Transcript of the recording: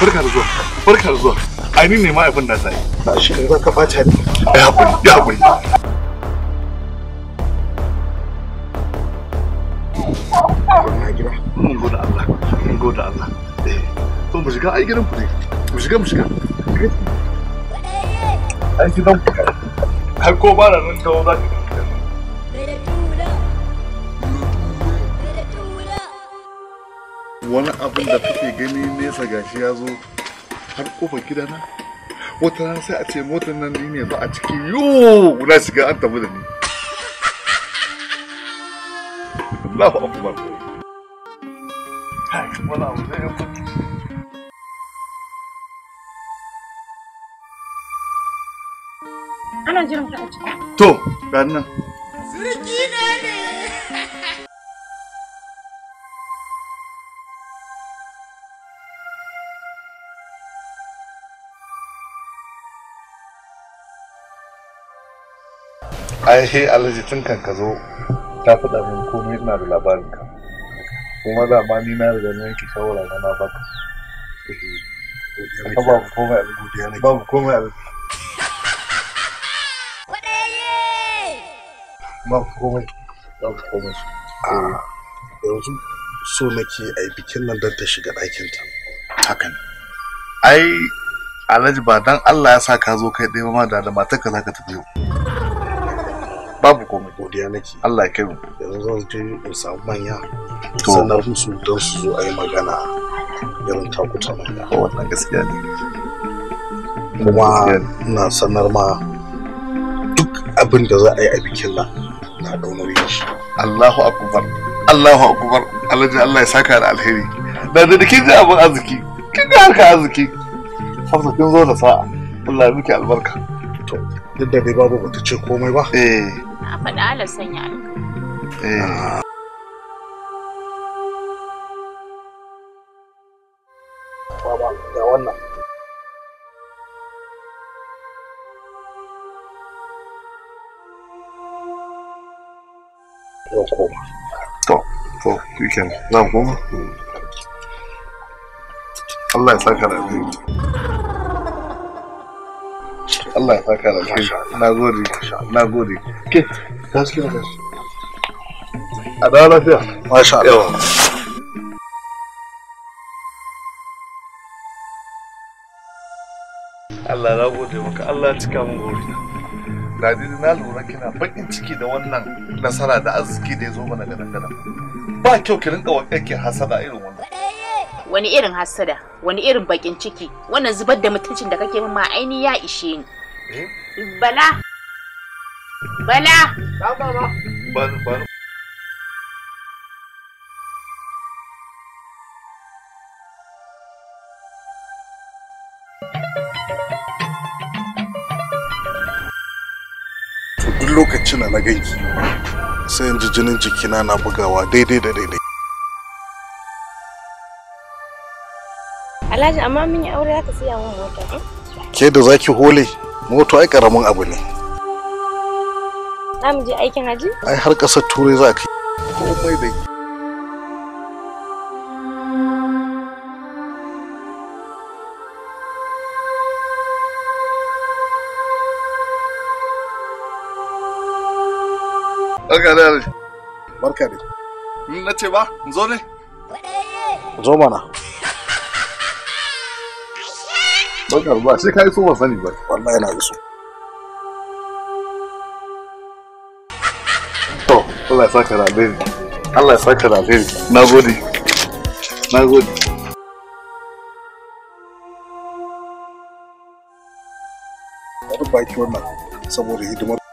barka da zuwa barka da zuwa ai ni ne mahaifin na sai ba shi kan ka bata ni ai hakuri ya hakuri mun gode Allah mun gode Allah to mu shiga ai gidan ku ne mu shiga mu shiga ai har ko ba ran za wani abin da kake gani nesa gashi ya zo har kofar gidana wata rana sai a ce motar nan ne ba a ciki yo na shiga an tafi da ni Allahu akbar Hai wala abu zai yi Ana jiran ka a ciki. To, ga nan. Sirki ne! ai he alhaji tun kan ka zo ta faɗa min komai ina da labarin ka kuma da ma ni na riga na yanke shawara na na baka eh, babu komai abin godiya ne babu komai abin babu komai babu komai yanzu so nake a yi bikin nan don ta shiga ɗakinta hakan ai alhaji ba dan Allah ya sa ka zo kai ɗaya ma da da matarka za ka tafi yau babu komai godiya nake Allah ya kai mu yanzu zan je in samu manya sanar musu don su zo a yi magana irin takuta manya ko wannan gaskiya ne kuma ina sanar ma duk abin da za a yi a bikin nan na daunar shi Allahu akbar Allahu akbar Alhaji Allah ya saka da alheri da da kin ji abin arziki kin ga harka arziki Hafsa kin zo da sa'a Allah ya miki albarka to yadda dai babu bata ce komai ba eh na faɗa ala sanya alƙawari Allah ya saka da Allah ya faka da shi. na gode na gode ke ka shi ka a da lafiya masha Allah Allah na gode maka Allah ya cika mun gori Ladidi na lura kina bakin ciki da wannan nasara da arziki da ya zo mana ga gadan ba kyau ki rinka wakake hasada irin wannan wani irin hasada wani irin bakin ciki wannan zubar da mutuncin da kake min ma aini ya ishe ni Bala. Bala. Ba duk lokacin da na ganki sai in ji jinin jikina na bugawa daidai da daidai. Alhaji amma mun yi aure aka siya mun mota. Eh? Ke da zaki hole moto ai karamin abu ne za mu je aikin haji ai har ƙasar turai za ka komai bai Barka da Barka da. Na ce ba, zo ne? Zo mana. Baka ba sai ka so ba sani ba. Wallahi na Allah ya saka da alheri. Allah ya saka da alheri. Na gode. Na gode. ki wannan saboda hidimar